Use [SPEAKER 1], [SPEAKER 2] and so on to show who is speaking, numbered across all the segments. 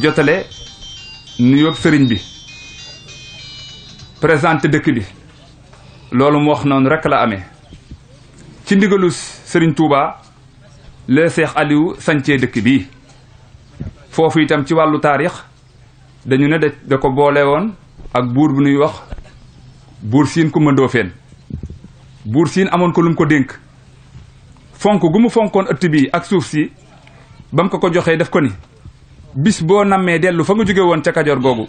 [SPEAKER 1] jotale nuyoo sëriñ bi présenté dëkk bi loolu mu wax noonu rek la amee ci ndigalu sëriñ Touba le Seex Aliou sancee dëkk bi foofu itam ci wàllu taarix dañu ne da ko boole woon ak buur bu ñuy wax buur siin ku mëndoo feen buur siin amoon ko lum ko dénk fonk gu mu fonkoon ëtt bii ak suuf si ba mu ko ko joxee def ko ni bis boo nammee dellu fa nga jóge woon ca kajoor googu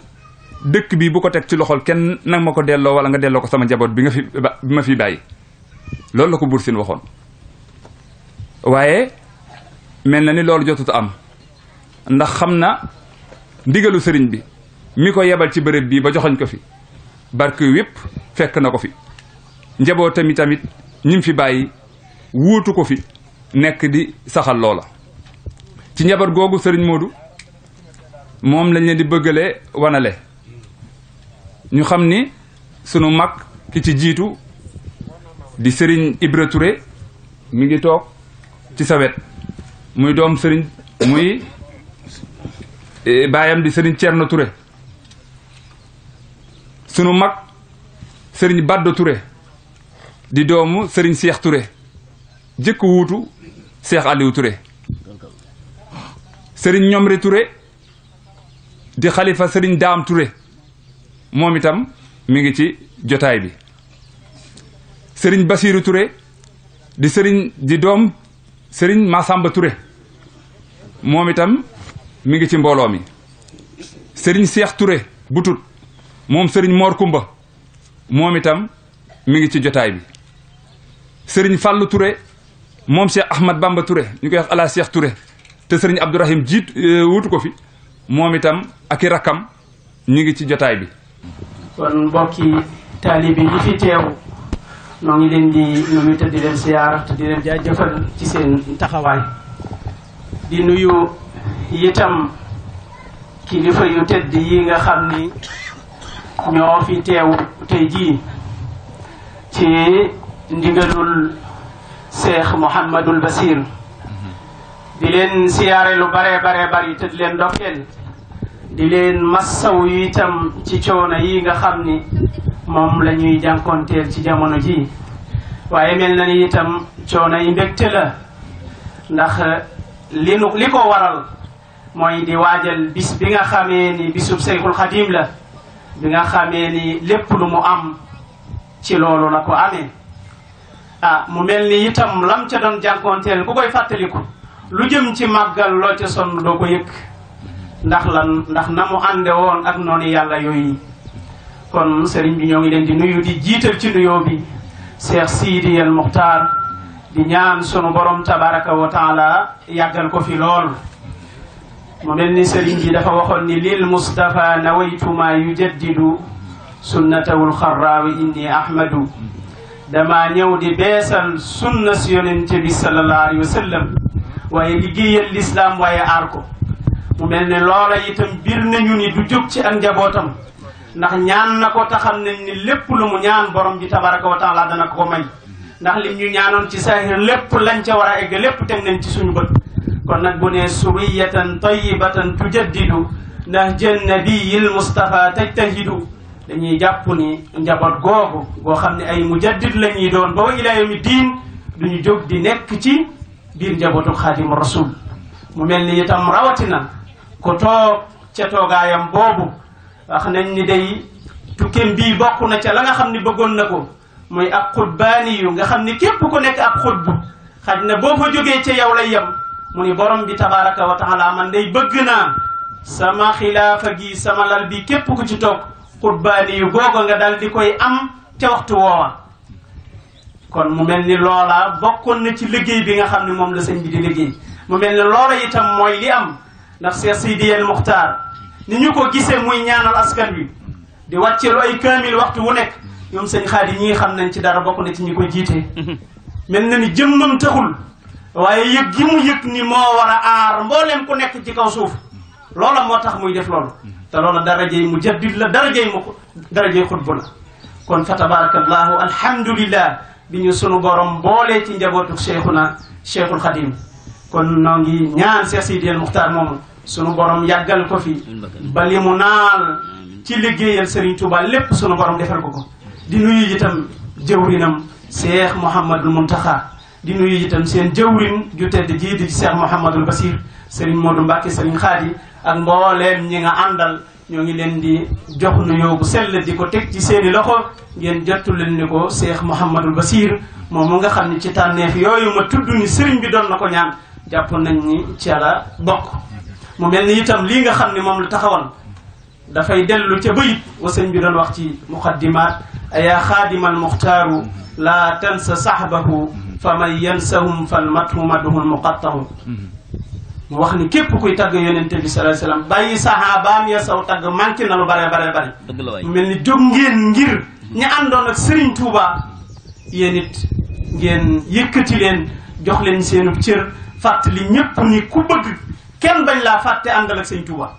[SPEAKER 1] dëkk bi bu ko teg ci loxol kenn nag ma ko delloo wala nga delloo ko sama njaboot bi nga fi bi ma fi bàyyi loolu la ko Buur Siin waxoon waaye mel na ni loolu jotut am ndax xam na digalu sëriñ bi mi ko yebal ci bërëb bii ba joxañ ko fi barke yépp fekk na ko fi njabootam yi tamit ñim fi bàyyi wuutu ko fi nekk di saxal loola ci njaboot googu sëriñ Moodu moom lañ leen di bëggalee wanale ñu xam ni sunu mag ki ci jiitu di sëriñ Ibra Touré mu ngi toog ci sa wet muy doom Serigne muy e, baayam di Serigne Thierno Touré sunu mag Serigne Baddo Touré di doomu Serigne Cheikh Touré jëkk wuutu Cheikh Aliou Touré Serigne Ñomre Touré di xalifa sëriñ daam Touré moom itam mi ngi ci jotaay bi sëriñ Basiiru Touré di sëriñ di doom sëriñ Masamba Touré moom itam mi ngi ci mbooloo mi sëriñ Seex Touré bu moom sëriñ Mor Kumba moom itam mi ngi ci jotaay bi sëriñ Fàllu Touré moom Cheikh Ahmad Bamba Touré ñu koy wax ala Cheikh Touré te sëriñ Abdourahim jiit euh, wuutu ko fi moom itam ak i rakkam ñu ngi ci jotaay bi.
[SPEAKER 2] kon mbokki taalibe yi fi teew noo leen di ñoom itam di leen siyaar te di leen jaajëfal ci seen taxawaay. di nuyu itam kilifa yu tedd yi nga xam ni ñoo fi teew tey jii ci ndigalul seex Muhammadul Basir. di leen siyaare lu bare bare bari te di leen ndokkeel di leen massaw yi itam ci coono yi nga xam ni moom la ñuy jànkonteel ci jamono ji waaye mel na ni itam coono yi mbégte la ndax li nu li ko waral mooy di waajal bis bi nga xamee ni bisub Seyxul Xadim la bi nga xamee ni lépp lu mu am ci loolu la ko amee ah mu mel ni itam lam ca doon jànkonteel ku koy fàttaliku lu jëm ci màggal loo ca sonn doo ko yëg ndax lan ndax na mu ànde woon ak noonu yàlla yooyu kon sëriñ bi ñoo ngi leen di nuyu di jiital ci nuyoo bi Cheikh Sidi El Muxtaar di ñaan sunu borom tabaraka wa taala yàggal ko fi lool mu mel ni sëriñ bi dafa waxoon ni lil Mustafa yu yujaddidu sunnatawul xarraawi inni ahmadu dama ñëw di beesal sunna si yonente bi sallallahu alayhi waaye liggéeyal lislaam waaye aar ko mu mel ne loola itam biir nañu ni du jóg ci ak njabootam ndax ñaan na ko taxam nañ ni lépp lu mu ñaan borom bi tabaraka wa taala dana ko may ndax lim ñu ñaanoon ci saahir lépp lañ ca war a egg lépp teg nañ ci suñu ko ko nag bu ne suriyatan tayyibatan tujaddidu nahjan nabiyil mustafa tajtahidu dañuy jàpp ni njaboot googu goo xam ne ay mujaddid la ñuy doon ba wa ila yawmi diin duñu jóg di nekk ci biir njabootu xaadimu rasul mu mel ni itam rawatina ko toog ca toogaayam boobu wax nañ ni day tukkeem bii bokk na ca la nga xam ni bëggoon na ko mooy ab xutbaani yu nga xam ni képp ku nekk ak xutbu xaj na boo ko jógee ca yow lay yem mu ni borom bi tabaraka wa taala day bëgg naa sama xilaafa gi sama lal bii képp ku ci toog xutbaani yu googa nga dal di koy am ca waxtu woowa kon mu mel ni loola bokkoon na ci liggéey bi nga xam ne moom la sëñ bi di liggéey mu mel ni loola itam mooy li am ndax Cheikh Sidiyel Muxtaar ni ñu ko gisee muy ñaanal askan bi di wàcceelu ay kamil waxtu wu nekk ñoom sëñ xaar yi ñi xam nañ ci dara bokk na ci ñi ko jiite. mel na ni jëmmam taxul waaye yëg gi mu yëg ni moo war a aar mboolem ku nekk ci kaw suuf loola moo tax muy def loolu te loola darajey mu jaddid la darajey mu darajey xutbu la kon fa tabaarakallahu alhamdulillah bi ñu sunu borom boolee ci njabootu Cheikhuna Cheikhul Khadim kon noo ngi ñaan Cheikh Sidiyel Muxtaar moomu sunu borom yàggal ko fi ba li mu naal ci liggéeyal Serigne Touba lépp sunu borom defal ko ko di nuyu itam jëwrinam Cheikh Mouhamadul Muntaxa di nuyu itam seen jëwrin ju tedd jii di Cheikh Mouhamadul Basir Serigne Modou Mbacke Serigne Khady ak mbooleem ñi nga àndal ñoo ngi leen di jox nuyoo bu sell di ko teg ci seeni loxo ngeen jottu leen ni ko Cheikh Mouhamadul Basir moom mu nga xam ne ci tànneef yooyu ma tudd ni sëriñ bi doon na ko ñaan jàpp nañ ni ci la bokk mu mel ni itam lii nga xam ne moom la taxawal dafay dellu ca bayit wa sëñ bi doon wax ci muqaddimaat ayaa xaadimal muxtaaru laa tansa sahbahu fa man yansahum fal mathu maduhul muqattahu mu wax ni képp kuy tagg yonente bi sallallahu alayhi wasallam bàyyi saxaabaam ya saw tagg man manqué na lu bare bare bare mu mel ni jóg ngeen ngir ñi àndoon ak Serigne Touba yéen ngeen yëkkati leen jox leen seenub cër fàttali ñépp ni ku bëgg kenn bañ laa fàtte àndal ak Serigne Touba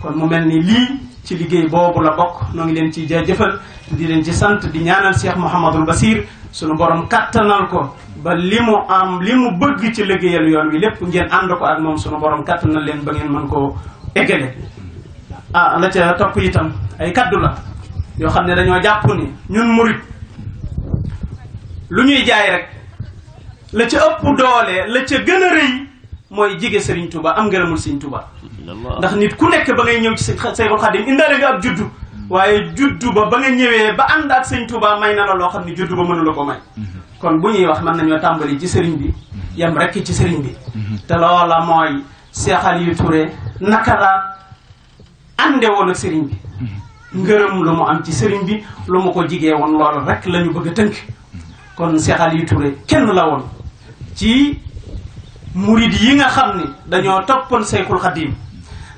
[SPEAKER 2] kon mu mel ni lii ci liggéey boobu la bokk noo ngi leen ciy jaajëfal di leen ci sant di ñaanal Cheikh Mouhamadul Basir sunu borom kattanal ko ba li mu am li mu bëgg ci liggéeyal yoon wi lépp ngeen ànd ko ak moom suñu borom kattanal leen ba ngeen mën koo eggale ah la ca topp itam ay kaddu la yoo xam ne dañoo jàpp ni ñun murit lu ñuy jaay rek la ca ëpp doole la ca gën a rëy mooy jige Serigne Touba am ngërëmul Serigne Touba. ndax nit ku nekk ba ngay ñëw ci Seexul Xadim indaale nga ab juddu. waaye juddu ba ba nga ñëwee ba àndaat sëñ Touba may na la loo xam ne juddu ba mënu la ko may mhm. kon bu ñuy wax mën nañoo tàmbali ci sëriñ bi mhm. yem rekk ci sëriñ bi mhm. te loola mooy Cheikh Aliou Touré naka la ànde woon ak sëriñ bi ngërëm lu mu am ci sëriñ bi lu mu ko jigee woon loolu rekk la ñu bëgg tënk kon Cheikh yu ture kenn la woon ci murid yi nga xam ni dañoo toppoon Seykul Xadim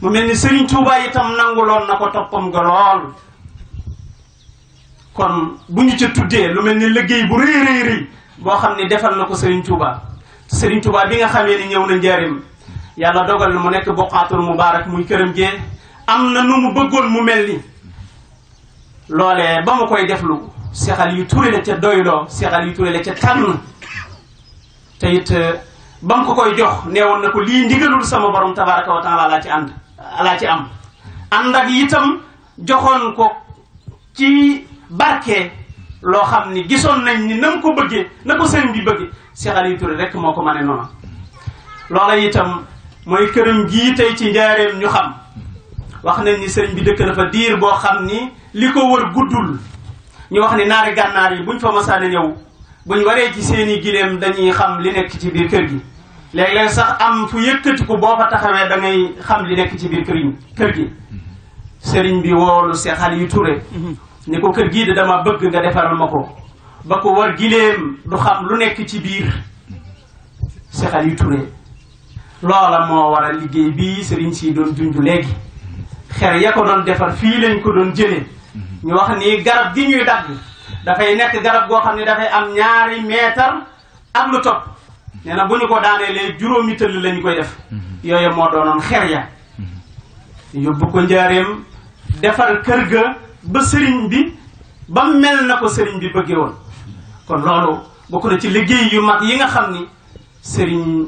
[SPEAKER 2] mu mel ni sëriñ Tuuba itam nanguloon na ko toppam ga lool kon bu ñu ca tuddee lu mel ni liggéey bu rëy rëy rëy boo xam ne defal na ko sëriñ Tuuba sëriñ Tuuba bi nga xamee ni ñëw na njaarim yàlla dogal mu nekk mu mubaarak muy këram gee am na nu mu bëggoon mu mel ni loolee ba mu koy deflu seexal yu ture la ca doyloo seexal yu ture la ca tànn te eh, ba mu ko koy jox neewoon na ko lii ndigalul sama borom tabaraka wa taala laa ci ànd laa ci am ànd ak itam joxoon ko ci barke loo xam ni gisoon nañ ni na ko bëggee na ko sëñ bi bëgge Cheikh Aliou rek moo ko mane noonu loola itam mooy këram gii tey ci njaareem ñu xam wax nañ ni sëñ bi dëkk na fa diir boo xam ni li ko wër guddul ñu wax ni naari gànnaar yi buñ fa masaane ñëw buñ waree ci seeni gileem dañuy xam li nekk ci biir kër gi léeg-léeg sax am fu ko boo fa taxawee damay xam li nekk ci biir kër yi kër gi sëriñ bi woolu Cheikh Aliou Touré ni ko kër gii dama bëgg nga defaral ma ko ba ko war gileem du xam lu nekk ci biir Cheikh Aliou Touré loola moo war a liggéey bi sëriñ si doon junj léegi xer ya ko doon defar fii lañ ko doon jëlee ñu wax ni garab gi ñuy dagg dafay nekk garab goo xam ne dafay am ñaari meetar ak lu topp nee na bu ñu ko daaneelee juróomi tëll lañ koy def mhm. yooyu moo doonoon xer ya mhm. yóbbu ko njaareem defar kër ga ba sëriñ bi ba mel na ko sëriñ bi bëggee woon kon loolu bokk na ci liggéey yu mag yi nga xam ni sëriñ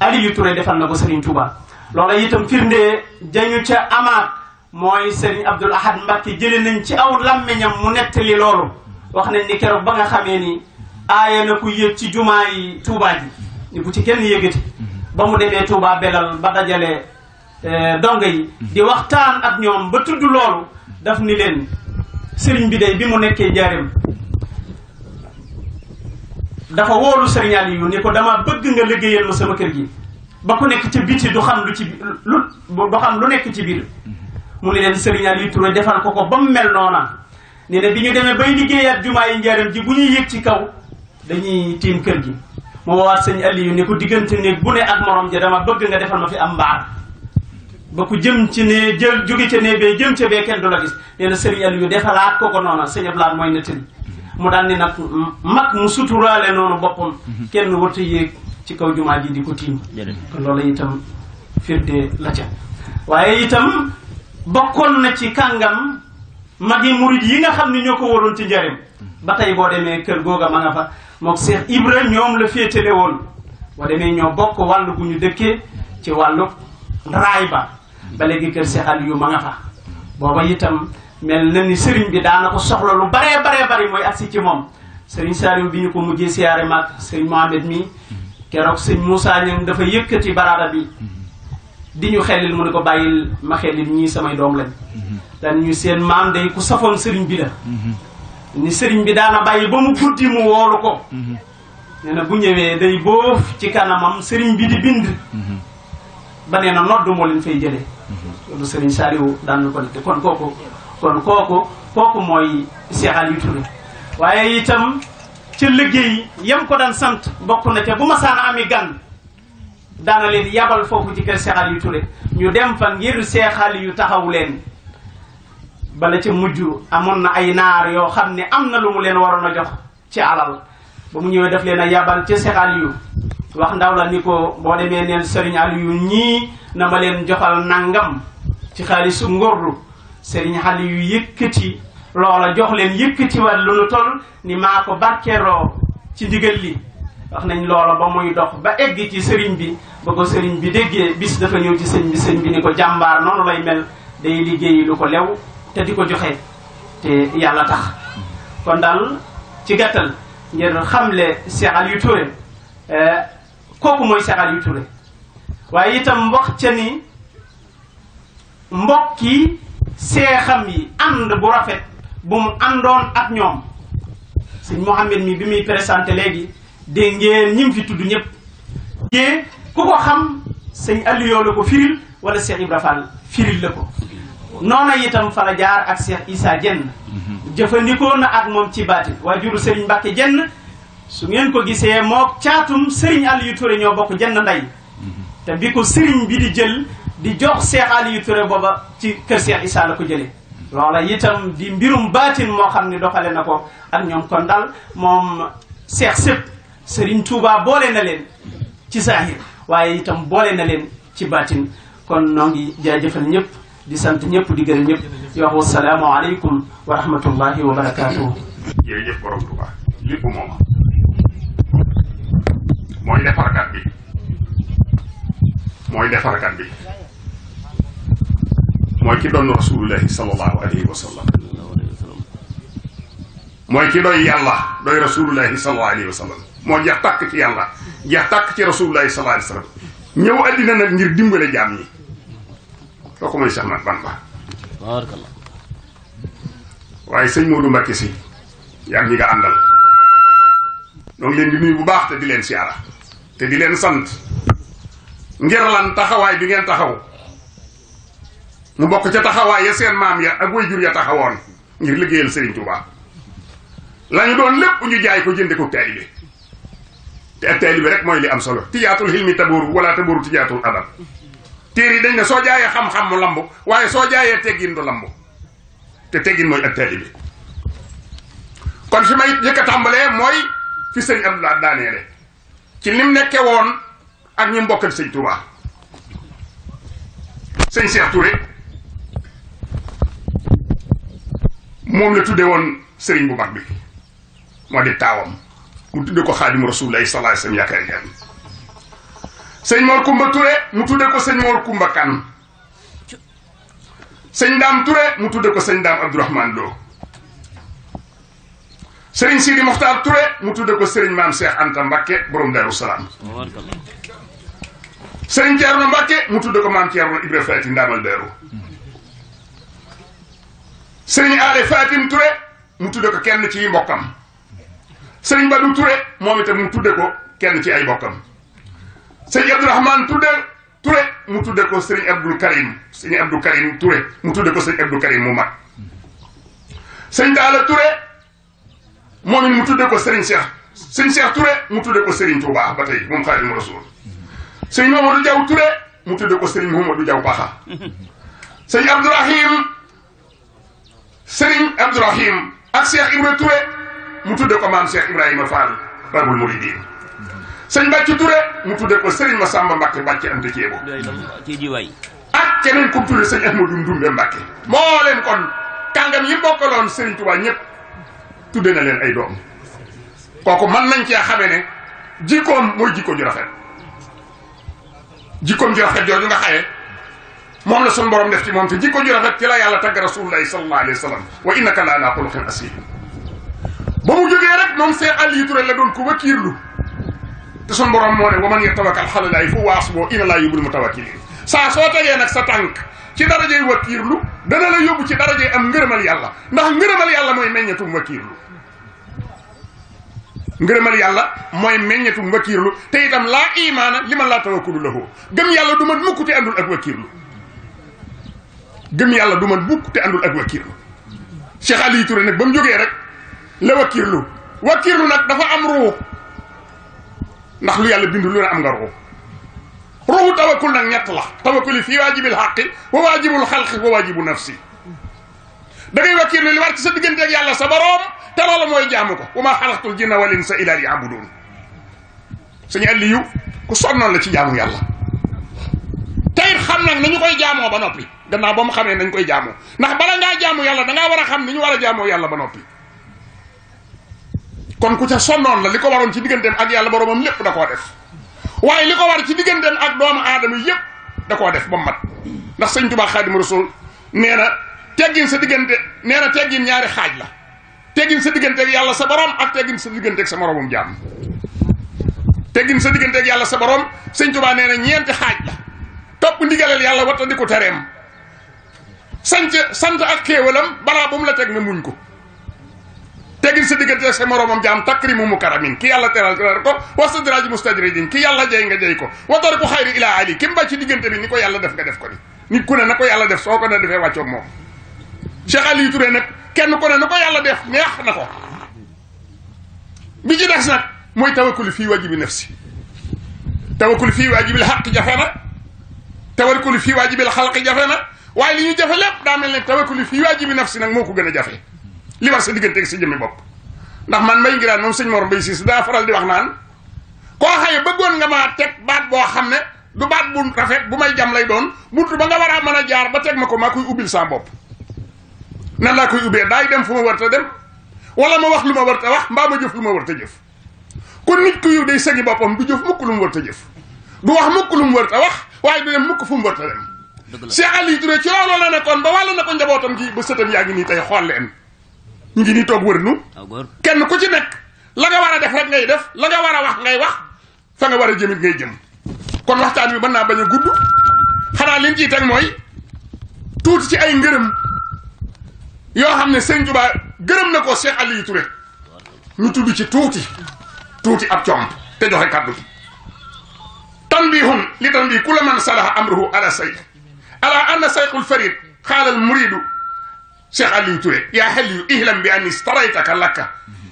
[SPEAKER 2] Aliou Touré defar nga ko sëriñ Touba loola itam firnde jañu ca amaat mooy sëriñ Abdoul Ahad Mbacke jëlee nañ ci aw làmmiñam mu nettali loolu wax nañ ni keroog ba nga xamee ni aaya na ku yéeg ci jumaa yi Touba ji ni bu ci kenn yëgati ba mu demee Touba belal ba dajale eh, dongo yi di waxtaan ak ñoom ba tudd loolu daf ni leen sëriñ bi day bi mu nekkee njaareem dafa wóolu sëriñ Aliou ni ko dama bëgg nga sama kër gi ba ku nekk ci biti du xam ci lu du xam lu nekk ci biir mu ne leen sëriñ Aliou Touré defal ko ko ba mu mel noona ne ne bi ñu demee bay liggéeyaat jumaa yi njaareem ji bu ñuy yëg ci kaw dañuy tiim kër gi mu woowaat sëñ Aliou ne ko diggante néeg bu ne ak morom ja dama bëgg nga defal ma fi am mbaar ba ku jëm ci ne jël jóge ca nee bee jëm ca bee kenn du la gis nee na sëriñ Aliou defalaat ko ko noonu sëñ Ablaat mooy nettali mu daal ni nag mag mu suturaale noonu boppam kenn warta yéeg ci kaw jumaa ji di ko tiim kon loola itam firnde la ca waaye itam bokkoon na ci mag yi murid yi nga xam ne ñoo ko waroon ci njëriñ ba tey boo demee kër googa ma nga fa mook Seex Ibra ñoom la féetale woon boo demee ñoo bokk wàllu bu ñu dëkkee ci wàllu raay ba ba léegi kër Seex yu ma nga fa booba itam mel na ni sëriñ bi daana ko soxla lu baree baree bari mooy agsi ci moom sëriñ Saliou bi ñu ko mujjee siyaare maag sëriñ Mohamed mii keroog sëñ Moussa ñun dafa yëkkati baraada bi di ñu xelil mu ne ko bàyyil ma xelil ñii samay doom lañ mm-hmm. dañ ñu seen maam day ku safoon sëriñ bi la mm-hmm. ni sëriñ bi daana bàyyi ba mu guddi mu woolu ko mhm. nee na bu ñëwee day boof ci kanamam sëriñ bi di bind mhm. ba nee na noddu moo leen fay jëlee mhm. loolu sëriñ Saliou daan ko def kon kooku kooku mooy Cheikh Aliou Touré waaye itam ca liggéey yam ko daan sant bokk na ca bu ma saana ami gan daana leen yabal foofu ci kër Cheikh Aliou Touré ñu dem fa ngir Cheikh Aliou taxaw leen bala ca mujj amoon na ay naar yoo xam ne am na lu mu leen waroon a jox ci alal ba mu ñëwee def leen a yabal ci Seex Aliyu wax ndaw la ni ko boo demee neen Sëriñ Aliyu ñii na ma leen joxal nangam ci xaalisu ngordu Sëriñ Aliyu yëkkati loola jox leen yëkkati waat lu nu toll ni maa ko barkeeroo ci ndigal li wax nañ loola ba muy dox ba egg ci sëriñ bi ba ko sëriñ bi déggee bis dafa ñëw ci sëñ bi sëñ bi ni ko jàmbaar noonu lay mel day liggéeyi lu te di ko joxe te yàlla tax kon daal ci gàttal ngir xamle Cheikh Aliou Touré eh, kooku mooy Cheikh Aliou Touré waaye itam wax ca ni mbokki seexam yi ànd bu rafet bu mu àndoon ak ñoom sëñ Mouhamed mi bi muy présenté léegi dégg ngeen ñi fi tudd ñëpp yee ku ko xam sëñ Aliou la ko firil wala Cheikh Ibra Fall firil la ko noona itam fa jaar ak Cheikh Issa Dieng mhm. jëfandikoo na ak moom ci baati juru Serigne Mbacke Dieng su ngeen ko gisee mook caatum Serigne Aliou Touré ñoo bokk jenn nday mhm. te bi ko Serigne bi di jël di jox Cheikh Aliou Touré booba ci kër Cheikh Issa la ko jëlee mhm. loola itam di mbirum baatin moo xam ne doxale na ko ak ñoom kon daal moom Cheikh sëpp Serigne Touba boole na leen ci saahir waaye itam boole na leen ci baatin kon noo ngi jaajëfal ñëpp di sant ñëpp di gërëm ñëpp di wax wasalaamu aleykum wa rahmatullahi wa barakaatuhu
[SPEAKER 3] mooy defarkat bi mooy defarkat bi mooy ki doon rasulullahi mooy ki doy yàlla doy rasulullahi sallallahu alayhi moo ci yàlla jeex tàkk ci rasulullahi sallallahu alayhi wa sallam ñëw àddina nag ngir dimbale jaam foo ko mën si Ahmad Bamba waaye sëñ Modou Mbacke si yaa ngi nga àndal ñoo ngi leen di nuyu bu baax te di leen siyaara te di leen sant ngir lan taxawaay bi ngeen taxaw mu bokk ca taxawaay ya seen maam ya ak wayjur ya taxawoon ngir liggéeyal Serigne Touba lañu doon lépp ñu jaay ko jënde ko taalibe te ak taalibe rek mooy li am solo tijaatul xilmi tabóoru wala tabóoru tijaatul adab téere yi dañ ne soo jaayee xam-xam mu lambu waaye soo jaayee teggin du lambu te teggin mooy ak taalibe bi kon si may njëkk tàmbalee mooy fi sëñ Abdoulaye daaneele ci lim nekke woon ak ñu mbokkal sëñ Touba sëñ Cheikh Touré moom la tudde woon sëriñ bu mag bi moo di taawam mu tudde ko xaadimu rasulilah sallallahu alayhi wa sallam yaakaar sëñ Mor Kumba Touré mu tudde ko sëñ Mor Kumba Kan sëñ dam Touré mu tudde ko sëñ dam Abdourahmane do sëriñ Sidi Mokhtar Touré mu tudde ko sëriñ mam Cheikh Anta Mbakke borom Daaru salam sëriñ Thierno Mbakke mu tudde ko mam Thierno Ibra fati ndamal Daaru sëriñ ali Fatim Touré mu tudde ko kenn ci mbokam sëriñ Badou Touré momi tam mu tudde ko kenn ci ay sëñ Abdourahmane tudde mu tudde ko sëñ Abdou mu tudde ko sëñ Abdou Karim mu mag sëñ Daala Touré moom it mu tudde ko sëriñ Cheikh sëñ Cheikh Touré mu tudde ko sëriñ Touba ba tey moom Xaadimu Rasuul sëñ Mamadou mu tudde ko sëriñ Mouhamadou Diaw Paxa sëñ Abdourahim sëriñ ak Cheikh Ibra Touré sëñ Mbacke Touré mu tuddee ko Serigne Massamba Mbacke Mbacke am da ceebo ak keneen ku tuddee sëñ Ahmadou Ndumbe Mbacke moo leen kon kàngam yi bokkaloon Serigne Touba ñëpp tudde na leen ay doom kooku man nañ cee xame ne jikkoom mooy jikko ju rafet jikkoom ju rafet jooju nga xaye moom la sun borom def ci moom te jikko ju ci la yàlla tagg rasulullahi sallallahu alayhi wa sallam wa innaka la ala ba mu jógee rek moom Seex Aliyu Touré la te sun borom moo ne wa man yatawakkal ala llaahi fa huwa hasbuh inna llaaha yuhibbul mutawakkiliin saa soo tegee nag sa tànk ci darajey wakiirlu dana la yóbbu ci darajey am ngërëmal yàlla ndax ngërëmal yàlla mooy meññatum wakiirlu ngërëmal yàlla mooy meññatum wakiirlu te itam laa imaana li man laa tawakkalu lahu gëm yàlla du man mukk te àndul ak wakiirlu gëm yàlla du man mukk te àndul ak nag ba mu jógee rek la wakiirlu wakiirlu nag dafa am ruux ndax lu yàlla bindu lu ne am nga ruux ruuxu tawakkul nag ñett la tawakkuli fii waajibil xaqi wa waajibul xalqi wa waajibu nafsi da ngay wakkiirlu li war ci sa diggante ak yàlla sa boroom te loola mooy jaamu ko wa maa xalaqtul jinna wal insa illaa liya'buduun suñu alliyu ku sonnoon la ci jaamu yàlla tey xam nag ñu koy jaamoo ba noppi gannaaw ba mu xamee nañ koy jaamoo ndax bala ngaa jaamu yàlla dangaa war a xam ni ñu war a jaamoo yàlla ba noppi kon ku ca sonnoon la li ko waroon ci digganteem ak yàlla boroomam lépp da koo def waaye li ko war ci digganteem ak doomu aadama yépp da koo def ba mu mat ndax sëñ Tuubaa Xaadimu Rasuul nee na teggin sa diggante nee na teggin ñaari xaaj la teggin sa diggante ak yàlla sa borom ak teggin sa diggante sa moromum jàmm teggin sa diggante ak yàlla sa borom sëñ Tuubaa nee na ñeenti xaaj la topp ndigalal yàlla di ko tereem sant sant ak xéewalam balaa bu la teg nga muñ ko tegil sa diggante ak sa moromam jaam takrimu mukaramin ki yàlla teral teral ko wasadraj mustajridin ki yàlla jay nga jay ko watar ko xayri ila ali kim ba ci diggante bi ni ko yàlla def nga def ko ni nit ku ne na ko yàlla def soo ko na defee wàccoog moom cheikh ali touré nag kenn ku ne na ko yàlla def neex na ko bi ci des nag mooy tawakkul fii wajibi nafsi tawakkul fii wajibil xaq jafe na tawakkul fii wajibil xalq jafe na waaye li ñu jafe lépp daa mel ne tawakkul fii wajibi nafsi nag moo ko gën a jafe li war sa diggante ak sa jëmmi bopp ndax man mbay ngiraan moom sëñ Mor Mbay Siis daa faral di wax naan koo xaye bëggoon nga maa teg baat boo xam ne du baat bu rafet bu may jam lay doon buntu ba nga war a mën a jaar ba teg ma ko maa koy ubbil saa bopp nan laa koy ubbee daay dem fu ma warta dem wala ma wax lu ma warta wax mbaa ma jëf lu ma warta jëf kon nit ku yiw day sëgi boppam du jëf mukk lu mu warta jëf du wax mukk lu mu warta wax waaye du dem mukk fu mu ba wàll na nii tey xool leen ñu ngi nii toog wër nu kenn ku ci nekk la nga war a def rek ngay def la nga war a wax ngay wax fa nga war a jëmit ngay jëm kon waxtaan wi mën naa bañ a gudd liñ ciy teg mooy tuuti ci ay ngërëm yoo xam ne sëñ Tuba gërëm Cheikh Aliou Touré ñu tudd ci tuuti tuuti ab coom te joxe kàddu tanbihun li tanbi kula man salaha amruhu ala say ala anna sayqul farid xaalal muridu شيخ علي توي يا حلي اهلا باني اشتريتك لك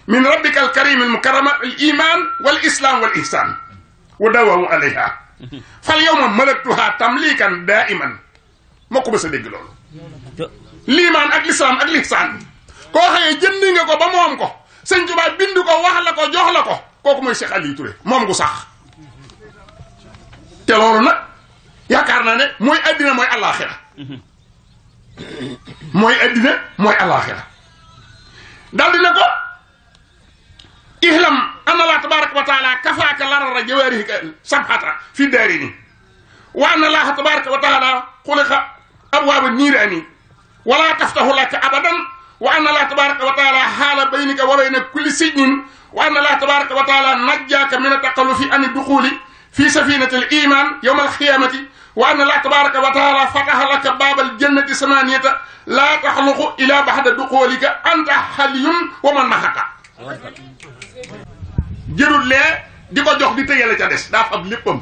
[SPEAKER 3] من ربك الكريم المكرم الايمان والاسلام والاحسان وداوم عليها فاليوم ملكتها تمليكا دائما مكو بس دغ لول ليمان اك الاسلام اك الاحسان كو خاي جندي nga ko ba mom ko seigne touba bindu ko wax la ko jox la ko koku موي cheikh ali touré mom gu sax te lolu nak yakarna ne موي adina mooy addina mooy alaxira dal dina ko ihlam anna allah tabaraka wa taala kafaaka larara jawarihika sabhata fi daarini wa anna allaha tabaraka wa taala xuliqa abwaaba niiraani wala taftahu laka abadan wa anna allaha tabaraka wa taala haala baynika wa bayna kulli sijnin wa anna allaha tabaraka wa taala najjaaka min ataqallufi an duxuli fi safinati al iman yowma alqiyamati wa anna laa tabaraka wa taala fataha laka baabal jannati samaniyata laa taxluqu ila baxda duxoolika anta xaliyun wa man maxaka jërul lee di ko jox di tëyale ca des daa fab léppam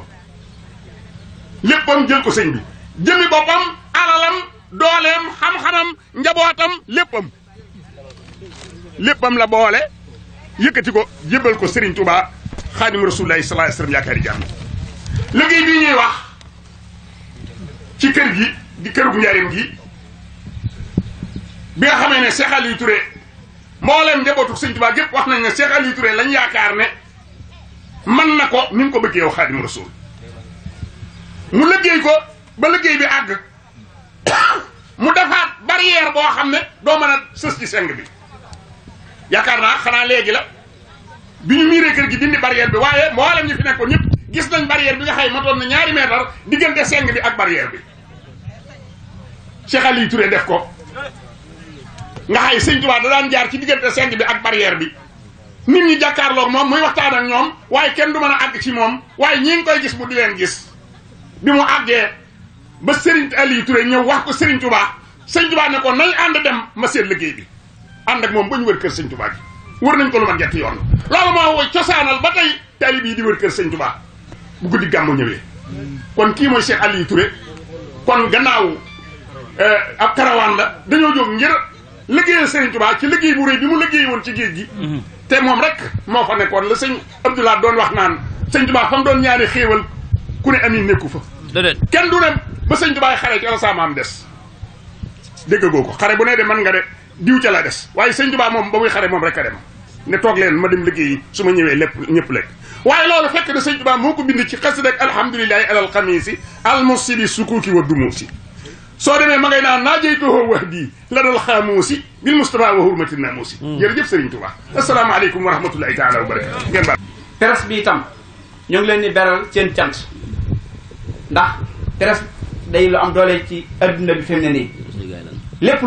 [SPEAKER 3] léppam jël ko sëñ bi jëmi boppam alalam dooleem xam-xamam njabootam léppam léppam la boole yëkkati ko jébbal ko Serigne Touba xaadim rasulullahi sallallahu yaakaari jaam liggéey bi ñuy wax ci kër gi di kërug njaarim gi bi nga xamee ne Cheikh Aliou ture mboolem njabootu sëñ Tuubaa gépp wax nañ ne Cheikh Aliou Touré lañ yaakaar ne man na ko ni ko bëggee yow Xaadimu Rasuul mu liggéey ko ba liggéey bi àgg mu defaat barrière boo xam ne doo mën a sës ci seng bi yaakaar naa xanaa léegi la bi ñu miiree kër gi dindi barrière bi waaye mboolem ñu fi nekkoon ñëpp gis nañ barrière bi nga xay matoon na ñaari mètre diggante seng bi ak barrière bi Cheikh Aliou ture def ko nga xay sëñ Tuubaa da daan jaar ci diggante seng bi ak barrière bi nit ñi jàkkaarloog moom muy waxtaan ak ñoom waaye kenn du mën a àgg ci moom waaye ñi koy gis bu di leen gis bi mu àggee ba Serigne Aliou ture ñëw wax ko Serigne Touba Serigne Touba ne ko nañ ànd dem ma seet liggéey bi ànd ak moom ba wër kër Serigne Touba gi wër nañ ko lu ma ñetti yoon loolu di wër kër bu guddi gàmmu ñëwee kon kii mooy Cheikh yi Touré kon gannaaw euh, ab karawaan la dañoo jóg ngir liggéeyal Serigne Touba ci liggéey bu rëy bi mu liggéey woon ci géej gi mhm. te moom rek moo fa nekkoon la sëñ Abdoulaye doon wax naan sëñ Touba fa mu doon ñaari xéewal ku ne ami nekku fa kenn du ne ba sëñ Touba xare ci alasaamaam des de goo ko xare bu ne de mën nga de diw ca la des waaye sëñ Touba moom ba muy xare moom rek a dem ne tok len ma dem liggey suma ñewé lépp ñëpp lek waaye lolu fekk na seigne touba moko bind ci xasida ak alhamdullilah ala xamiisi almusibi sukuki wa dumuusi so demé ma ngay na naa jeytoo wax bii la dal xaamuusi bil Mustafa wa hurmatin hurmati jep seigne touba assalamu alaykum wa rahmatullahi taala wa barakatuh ngeen ba teras bi tam ñu ngi len ni beral seen tiant ndax teras day lu am doole
[SPEAKER 2] ci aduna bi fi ni lépp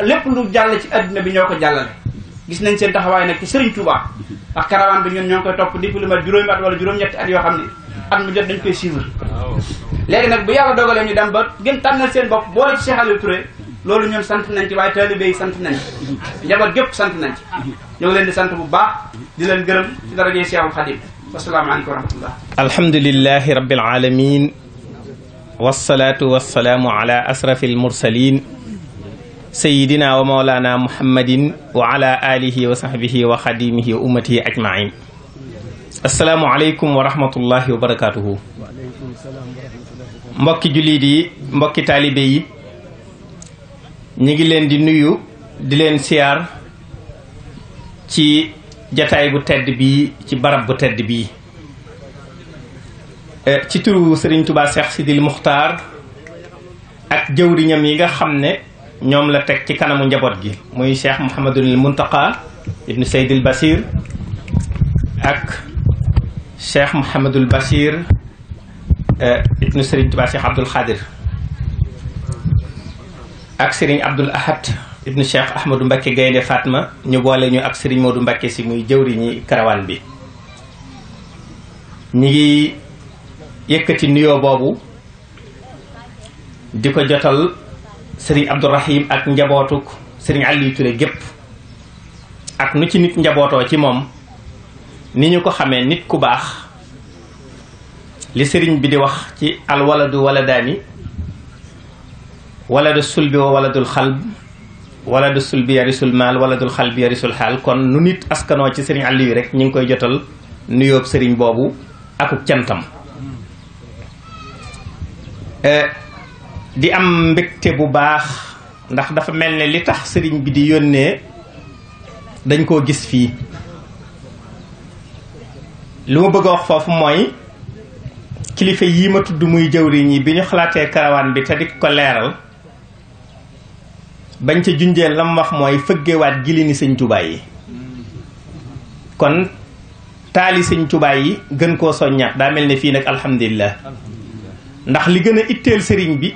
[SPEAKER 2] lépp lu jàll ci aduna bi ñoko jàllale gis nañ seen taxawaay nag ci Serigne Touba ak caravane bi ñun ñoo ngi koy topp depuis lu mat juróomi at wala juróom-ñetti at yoo xam ne at mu jot dañ koy suivre léegi nag bu yàlla dogalee ñu dem ba gën tànnal seen bopp boole ci Cheikh Aliou Touré loolu ñun sant nañ ci waaye taalibe yi sant nañ ci njaboot gépp sant nañ ci ñoo ngi leen di sant bu baax di leen gërëm ci dara darajee Cheikhul Khadim wasalaamaaleykum wa rahmatullah
[SPEAKER 4] alhamdulilahi rabbil alamin wasalaatu wasalaamu ala asrafi almursalin sayidina wa mawlana muhammadin wa ala alihi wa sahbihi wa xadimihi wa ummatihi ajmain assalaamu aleykum wa rahmatullahi wa barakaatuhu mbokki jullit yi mbokki taalibe yi ñu ngi leen di nuyu di leen siyaar ci jataay bu tedd bii ci barab bu tedd bii ci turu Sëriñ Tubaa Seex Sidil Muxtaar ak jëwriñam yi nga xam ne ñom la tek ci kanamu njabot gi muy cheikh Mouhamadul Muntaqa sayyid al Basir ak cheikh mohammedul Basir ibn Serigne Touba Cheikh abdul Khadir ak Serigne abdul Ahad ibn cheikh Ahmadou mbake gayne Fatma ñu bolé ñu ak Serigne Modou mbake si muy ñi karawan bi ñi ngi yëkkati nuyoo diko di jotal. sëriñ Abdourahim ak njabootuk sëriñ Aliou Touré gépp ak nu ci nit njabootoo ci moom ni ñu ko xamee nit ku baax li sëriñ bi di wax ci alwaladu waladaani waladu sulbi wa waladul xalb waladu sulbi yarisul maal waladul xalbi yarisul xaal kon nu nit askanoo ci sëriñ Aliou rek ñu ngi koy jotal nuyóob sëriñ boobu akuk cantam eh, di am mbégte bu baax ndax dafa mel ne li tax sëriñ bi di yónnee dañ koo gis fii li ma bëgg a wax foofu mooy kilifa yii ma tudd muy jëwriñ yi bi ñu xalaatee karawaan bi te di ko leeral bañ ca junjee la wax mooy fëggewaat gili ni sëñ tubaay yi kon taali sëñ tubaay yi gën koo soññaat daa mel ne fii nag alhamdulilah ndax li gën a itteel sëriñ bi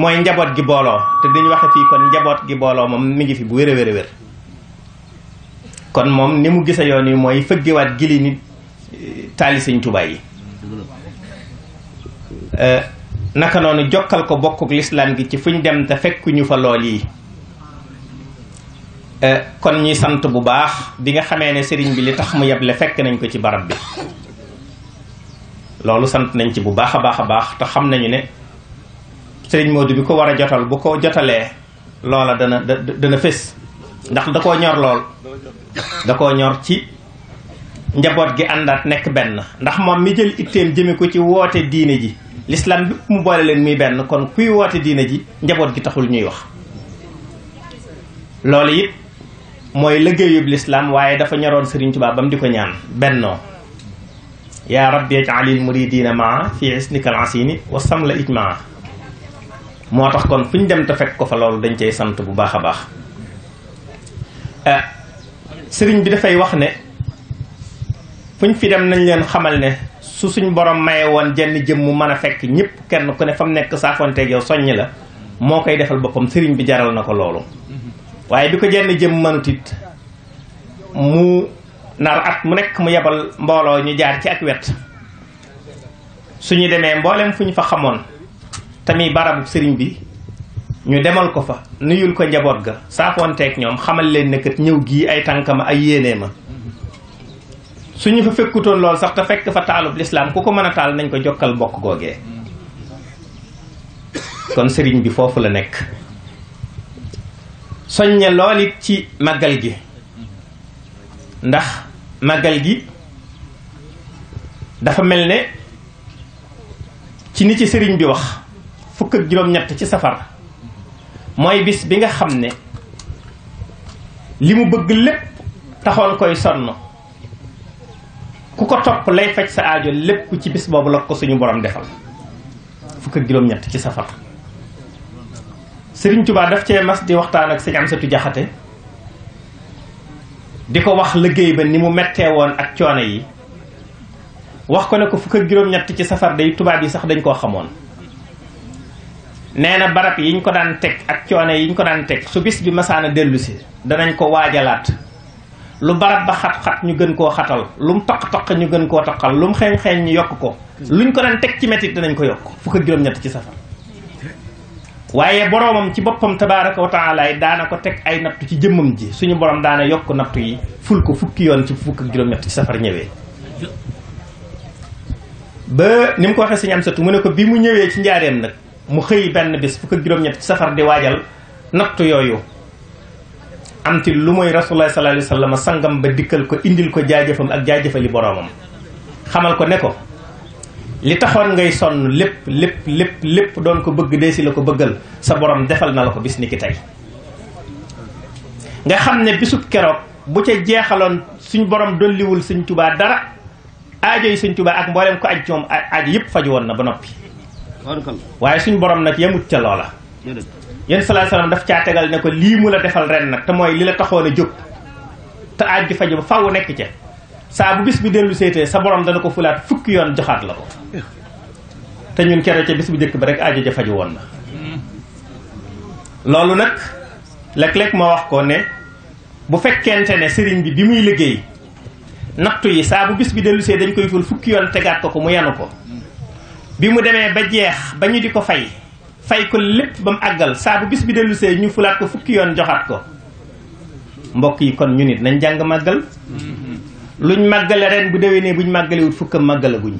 [SPEAKER 4] moy njabot gi bolo te duñ waxe fi kon njabot gi bolo mom mi ngi fi bu wéré wéré wér kon mom ni mu gisa yoni moy feggé wat gili nit eh, tali seigne touba yi eh, naka nonu jokkal ko bokkuk l'islam gi ci fuñ dem te ñu fa lool yi eh, kon ñi sant bu baax bi nga xamé né sëriñ bi li tax mu yeble fekk nañ ko ci barab bi lolu sant nañ ci bu baax a baax te ne sëriñ Modou bi ko war a jotal bu ko jotalee loola dana dana fés ndax da koo ñor lool da koo ñor ci njaboot gi àndaat nekk benn ndax moom mi jël itteem jëme ko ci woote diine ji l'islam bi mu boole leen muy benn kon kuy woote diine ji njaboot gi taxul ñuy wax loolu it mooy liggéeyub l'islam waaye dafa ñoroon Sëriñ Tuubaa bam di ko ñaan bennoo yaa rabbi ij'alil muridiina maa fi isnika al asini wa samla ijmaa moo tax kon fu ñu dem te fekk ko fa loolu dañ cey sant bu baax a baax euh, sëriñ bi dafay wax ne fu ñu fi dem nañ leen xamal ne su suñ boroom maye woon jenn jëm mu mën a fekk ñëpp kenn ku ne fa mu nekk saafonteeg yow soññ la moo koy defal boppam sëriñ bi jaral na ko loolu waaye bi ko jenn jëm mënut it mu nar at mu nekk mu yebal mbooloo ñu jaar ci ak wet suñu demee mbooleem fu ñu fa xamoon tamit barabu sëriñ bi ñu demal ko fa nuyul ko njaboot ga saafoonteeg ñoom xamal leen ne kat ñëw gii ay tànkama ay yéenee ma suñu fa fekkutoon lool sax te fekk fa taalub lislaam ku ko mën a taal nañ ko jokkal bokk googee kon sëriñ bi foofu la nekk soññe lool ci màggal gi ndax màggal gi dafa mel ne ci ni ci sëriñ bi wax fukk ak juróom-ñett ci safar mooy bis bi nga xam ne li mu bëgg lépp taxoon koy sonn ku ko topp lay faj sa aajo lépp ci bis boobu la ko suñu borom defal fukk ak juróom-ñett ci safar daf cee mas di waxtaan ak sëñ Amsatu Jaxate di ko wax liggéey ba ni mu mettee woon ak coono yi wax ko ne ko fukk ak juróom-ñett ci safar day tubaab yi sax dañ koo xamoon neena barap yiñ ko daan teg ak coono yiñ ko daan teg su bis bi masaana dellu si danañ ko waajalaat lu barab ba xat-xat ñu gën koo xatal lu mu taq-taq ñu gën koo lu mu xeeñ-xeeñ ñu yokk ko luñ ko daan teg ci metit danañ ko yokk fukk ak juróom-ñett ci safar waaye boromam ci boppam tabaraka wa taala daana ko teg ay nattu ci jëmmam ji suñu borom daana yokk nattu yi ful ko fukki yoon ci fukk ak juróom-ñett ci safar ñëwee ba ni mu ko waxee sëñ am satu mu ne ko bi mu ñëwee ci njaareem nag mu xëy benn bis fukk ak juróom-ñett safar di waajal nattu yooyu am ci lu mooy rasulullah sallallahu alayhi wasallam sangam ba dikkal ko indil ko jaajëfam ak jaajëfali boroomam xamal ko ne ko li taxoon ngay sonn lépp lépp lépp lépp doon ko bëgg dee si la ko bëggal sa borom defal na la ko bis ni ki tey nga xam ne bisub keroog bu ca jeexaloon suñ borom dolliwul sëñ tubaa dara aajo yi sëñ tubaa ak mboolem ko aj ci moom aajo yëpp faju woon na ba noppi waaye suñu borom nag yemut ca loola yéen salaa salaam daf caa tegal ne ko lii mu la defal ren nag te mooy li la taxoon a jóg te aaj ji faju ba faw nekk ca saa bu bis bi dellu te sa borom dana ko fulaat fukki yoon joxaat la ko te ñun kere ca bis bu njëkk ba rek aajo ja faju woon na loolu nag léeg-léeg ma wax ko ne bu fekkente ne sëriñ bi bi muy liggéey nattu yi saa bu bis bi dellusee dañ koy ful fukki yoon tegaat ko ko mu yanu ko bi mu demee ba jeex ba ñu di ko fay fay ko lépp ba mu àggal saa bu bis bi dellu ñu fulaat ko fukki yoon joxaat ko mbokk yi kon ñu nit nañ jàng màggal luñ màggale ren bu déwénee buñ màggalewut fukkam màggalaguñ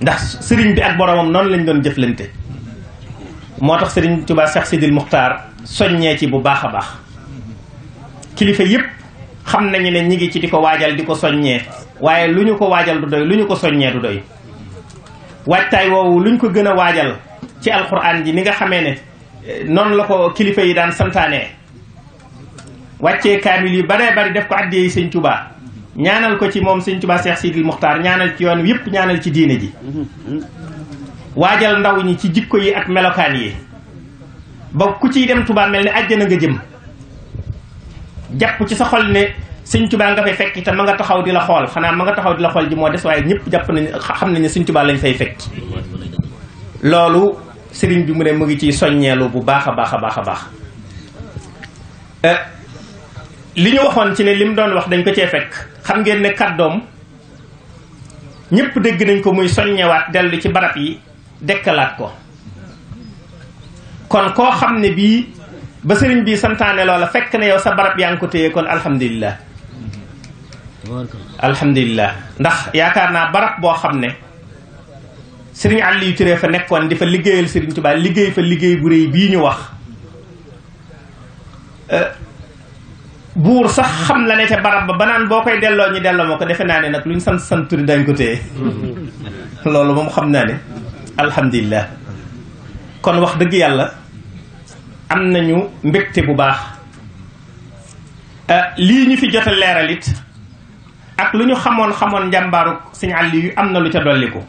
[SPEAKER 4] ndax sëriñ bi ak boromam noonu lañ doon jëflante moo sëriñ tuba cheikh Sidil Muxtaar soññee ci bu baax a baax kilifa yépp xam nañu ne ñi ngi ci di ko waajal di ko soññee waaye lu ñu ko waajal du doy lu ko soññee du doy waajtaay woowu luñ ko gën a waajal ci alquran ji ni nga xamee ne eh, noonu la ko kilifa yi daan santaanee wàccee kaamil yu baree bari def ko addiyee sëñ tubaa ñaanal ko ci moom sëñ Tuubaa Seex Sidil Muxtaar ñaanal ci yoon wi yëpp ñaanal ci diine ji waajal ndaw ñi ci jikko yi ak melokaan yi ba ku ciy dem Tuubaa mel ne àjjana nga jëm jàpp ci sa xol ne sëñ touba nga fay fekki tan ma nga taxaw di la xol xanaa ma nga taxaw di la xol ji mo dess waye ñepp japp nañ xam nañ sëñ touba lañ fay fekki lolu sëriñ bi mu ne mu ngi ci soññeelu bu baaxa baaxa baaxa baax euh baax li ñu waxoon ci ne lim doon wax dañ ko ci fekk xam ngeen ne kaddom ñepp degg nañ ko muy delu ci barap yi dekkalat ko kon ko xamne bi ba bi santane loola fekk ne yow sa barap kon alhamdulilah alhamdulilah ndax yaakaar naa barab boo xam ne sëriñ Aliou Touré fa nekkoon di fa liggéeyal sëriñ Tuubaa liggéey fa liggéey bu réy bii ñu wax buur sax xam la ne te barab ba banaan boo koy delloo ñu delloo ma ko defe naa ne nag lu sant sant turi dañ ko téye loolu moom xam naa ne alhamdulilah kon wax dëgg yàlla am nañu mbégte bu baax lii ñu fi jot a leeral it ak luñu hamon xamoon xamoon njàmbaaru sëñ àll yu am na lu ca dolliku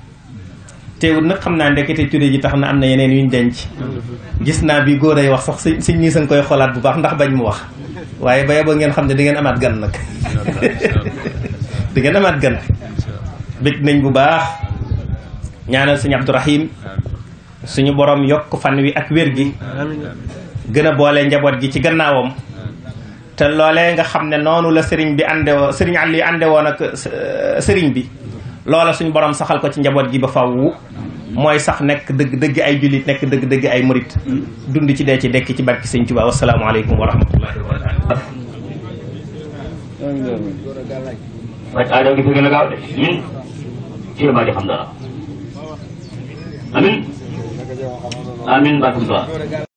[SPEAKER 4] teewul nag xam naa ndekete cure ji tax na am na yeneen yuñ denc gis naa bi góor ay wax sax sëñ sëñ nii koy xoolaat bu baax ndax bañ mu wax waaye ba boo ngeen xam ne di ngeen amaat gan nag di ngeen amaat gan bég nañ bu baax ñaanal sëñ Abdourahim suñu borom yokk fan wi ak wér gi boole njaboot gi ci gannaawam te loolee nga xam ne noonu la sëriñ bi ànde woo sëriñ Aliou ànde woon ak sëriñ bi loola suñ borom saxal ko ci njaboot gi ba faw mooy sax nekk dëgg dëgg ay jullit nekk dëgg dëgg ay murit dund ci dee ci dekk ci barki sëñ Tuubaa wasalaamaaleykum wa rahmatullahi
[SPEAKER 2] wa barakaatu gi